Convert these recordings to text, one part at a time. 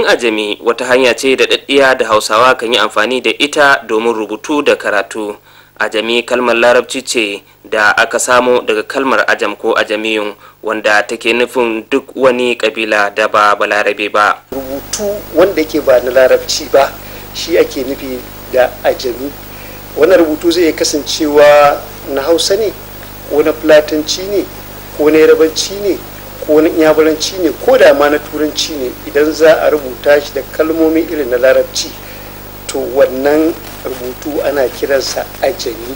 Rubutun ajami wata hanya ce da daddiya da Hausawa kan yi amfani da ita domin rubutu da karatu. Ajami kalmar Larabci ce da aka samo daga kalmar ajam ko ajamiyun wanda take nufin duk wani kabila da ba balarabe ba. Rubutu wanda ke ba na Larabci ba shi ake nufi da ajami. Wannan rubutu zai iya kasancewa na Hausa ne, ko na Fulatanci ne, ko na Yarabanci ne, ko na inyamuranci ne ko da ma na turanci ne idan za a rubuta shi da kalmomi irin na larabci to wannan rubutu ana kiransa ajami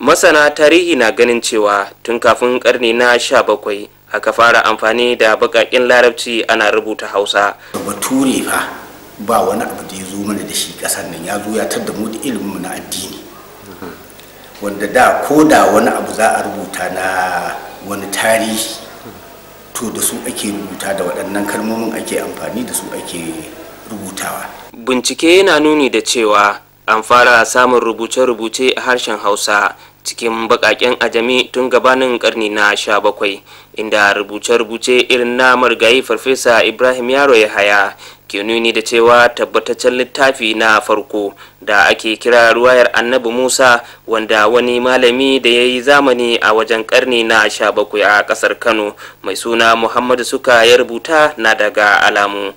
masana tarihi na ganin cewa tun kafin karni na sha bakwai aka fara amfani da bakakin larabci ana rubuta hausa bature fa ba wani abu da ya zo mana da shi kasar nan ya zo ya tadda mu da ilimin na addini hmm. wanda da ko da wani abu za a rubuta na wani tarihi to da su ake rubuta da waɗannan kalmomin ake amfani da su ake rubutawa bincike yana nuni da cewa an fara samun rubuce-rubuce a harshen hausa cikin bakaken ajami tun gabanin karni na sha bakwai inda rubuce-rubuce irin na margayi farfesa ibrahim yaro ya haya ke nuni da cewa tabbataccen littafi na farko da ake kira ruwayar annabi musa wanda wani malami da ya yi zamani a wajen karni na sha bakwai a kasar kano mai suna muhammadu suka ya rubuta na daga alamu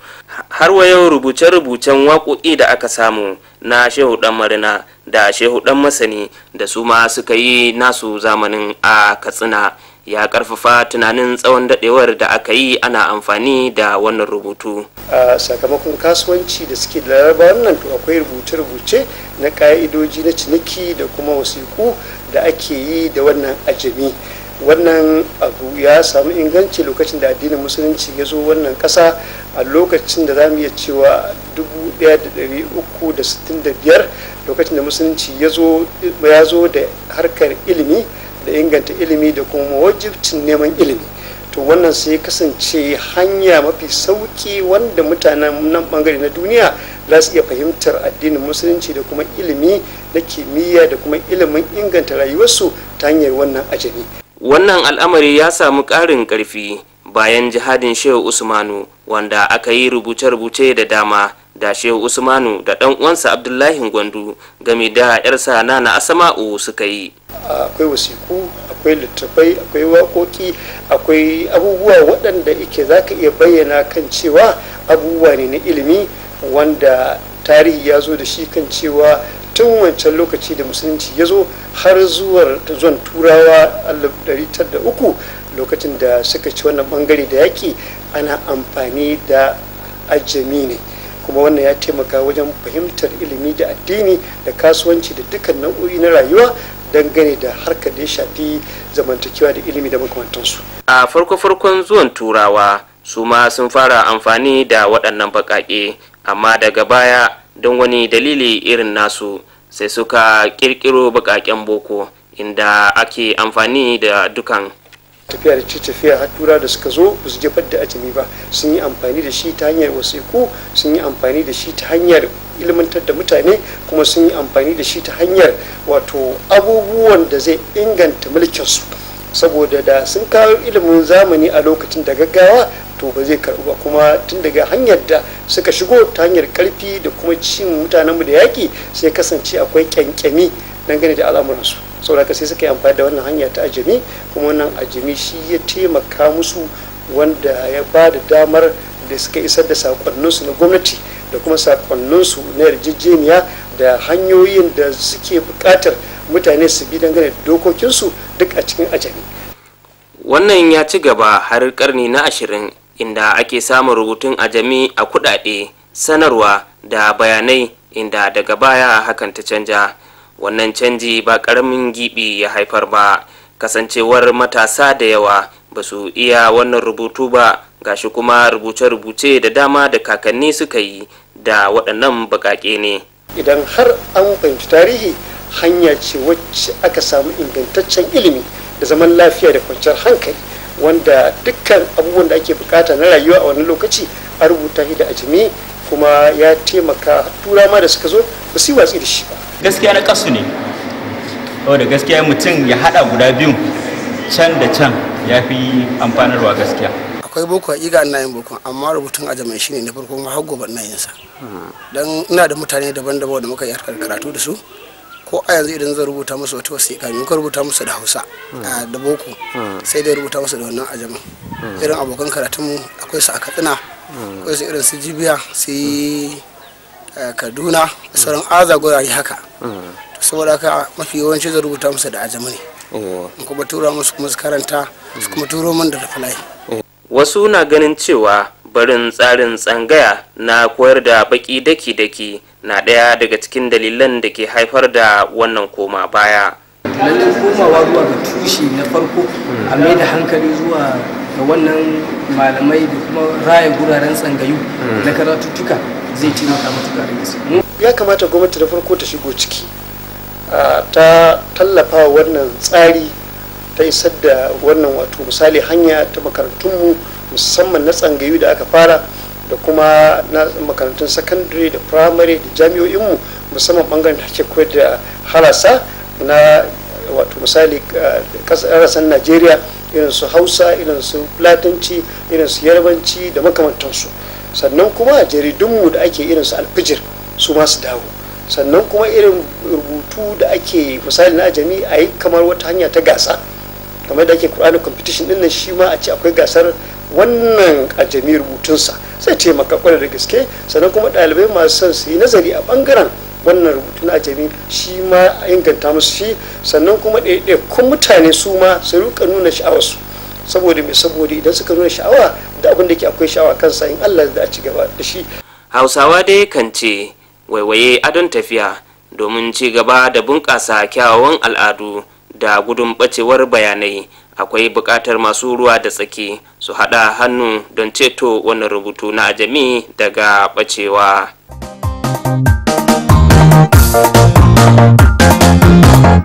har wa yau rubuce-rubucen waƙoƙi da aka samu na shehu dan marina da shehu dan masani da su ma suka yi nasu zamanin a katsina ya karfafa tunanin tsawon dadewar da aka yi ana amfani da wannan rubutu a sakamakon kasuwanci da suke da laraba wannan to akwai rubuce-rubuce na ka'idoji na ciniki da kuma wasiku da ake yi da wannan ajami wannan abu ya samu inganci lokacin da addinin musulunci ya zo wannan kasa a lokacin da za mu iya cewa 1365 lokacin da musulunci ya zo da harkar ilimi da inganta ilimi da kuma wajibcin neman ilimi to wannan sai kasance hanya mafi sauki wanda mutanen nan bangare na duniya za su iya fahimtar addinin musulunci da kuma ilimi na kimiyya da kuma ilimin inganta rayuwarsu ta hanyar wannan ajami wannan al'amari ya samu ƙarin karfi bayan jihadin shehu usmanu wanda aka yi rubuce-rubuce da dama da shehu usmanu da dan uwansa abdullahi gwandu game da yarsa nana asama'u suka yi akwai wasiku akwai littafai akwai waƙoƙi akwai abubuwa waɗanda ike za iya bayyana kan cewa abubuwa ne na ilimi wanda tarihi ya zo da shi kan cewa tun wancan lokaci da musulunci ya zo har zuwa zuwan turawa uku lokacin da suka ci wannan bangare da yaƙi ana amfani da ajami ne kuma wannan ya taimaka wajen fahimtar ilimi da addini da kasuwanci da dukkan nau'o'i na rayuwa dangane da harkar da ya shafi zamantakewa da ilimi da makamantansu a farko-farkon zuwan turawa su ma sun fara amfani da waɗannan baƙaƙe amma daga baya don wani dalili irin nasu sai suka ƙirƙiro baƙaƙen boko inda ake amfani da dukan tafiya da ci tafiya har tura da suka zo ba su jefar da ajami ba sun yi amfani da shi ta hanyar wasiku sun yi amfani da shi ta hanyar ilmantar da mutane kuma sun yi amfani da shi ta hanyar wato abubuwan da zai inganta mulkinsu saboda da sun kawo ilimin zamani a lokacin da gaggawa to ba zai karɓi ba kuma tun daga hanyar da suka shigo ta hanyar karfi da kuma cin mutanenmu da yaƙi sai kasance akwai kyankyami dangane da al'amuransu saboda sai suka yi amfani da wannan hanya ta ajami kuma wannan ajami shi ya taimaka musu wanda ya ba da damar da suka isar da sakonninsu na gwamnati da kuma sakonninsu na yarjejeniya da hanyoyin da suke buƙatar mutane su bi dangane da dokokinsu duk a cikin ajami wannan ya ci gaba har karni na ashirin inda ake samun rubutun ajami a kudade sanarwa da bayanai inda daga baya hakan ta canja wannan canji ba karamin gibi ya haifar ba kasancewar matasa da yawa ba su iya wannan rubutu ba gashi kuma rubuce-rubuce da dama da kakanni suka yi da waɗannan baƙaƙe ne idan har an fahimci tarihi hanya ce wacce aka samu ingantaccen ilimi da zaman lafiya da kwanciyar hankali wanda dukkan abubuwan da ake bukata na rayuwa a wani lokaci a rubuta shi da ajimi kuma ya taimaka turawa da suka zo ba su yi watsi da shi ba gaskiya na kasu ne da gaskiya mutum ya hada guda biyu can da can ya fi amfanarwa gaskiya akwai boko hakika iga annayin boko amma rubutun ajamai shine na farko ma har ba ina sa dan ina da mutane daban-daban da muka yi harkar karatu da su ko a yanzu idan zan rubuta musu wata wasiƙa ne ka rubuta musu da hausa da boko sai dai rubuta musu da wannan ajaman irin abokan karatunmu akwai su a katsina akwai su irin su jibiya sai Eh, kaduna da sauran aza gurare haka saboda haka mafi yawanci zan rubuta musu da ajami ne eh. in kuma tura musu kuma su karanta su kuma turo min da rafalai eh. wasu na ganin cewa barin tsarin tsangaya na koyar da baki daki-daki na ɗaya daga cikin dalilan da ke haifar da wannan koma baya lallai komawa zuwa ga tushe na farko a mai da hankali zuwa ga wannan malamai da kuma raya guraren tsangayu hmm. na karatuttuka zai taimaka matuƙa da ya kamata gwamnati da farko ta shigo ciki ta tallafa wannan tsari ta isar da wannan wato misali hanya ta makarantunmu musamman na tsangayu da aka fara da kuma na makarantun sakandare da firamare da jami'o'inmu musamman bangaren da ake koyar da harasa na wato misali ƙasashen eh, najeriya irin su hausa irin su latinci irin su yarbanci da makamantansu sannan kuma jaridunmu da ake irin su alfijir su masu dawo sannan kuma irin rubutu da ake misali na ajami a yi kamar wata hanya ta gasa kamar da ake kur'ani competition din shi ma a ce akwai gasar wannan ajami rubutunsa sai taimaka kwarai da gaske sannan kuma ɗalibai masu son su yi nazari a ɓangaren wannan rubutun na ajami shi ma inganta musu shi sannan kuma kun mutane su ma su rika nuna sha'awarsu saboda mai saboda idan suka nuna sha'awa da abin da ke akwai sha'awa kansa in Allah da a ci gaba da shi hausawa dai kan ce waiwaye adon tafiya domin ci gaba da bunƙasa kyawawan al'adu da gudun ɓacewar bayanai akwai buƙatar masu ruwa da tsaki su haɗa hannu don ceto wannan rubutu na ajami daga ɓacewa. Thank you.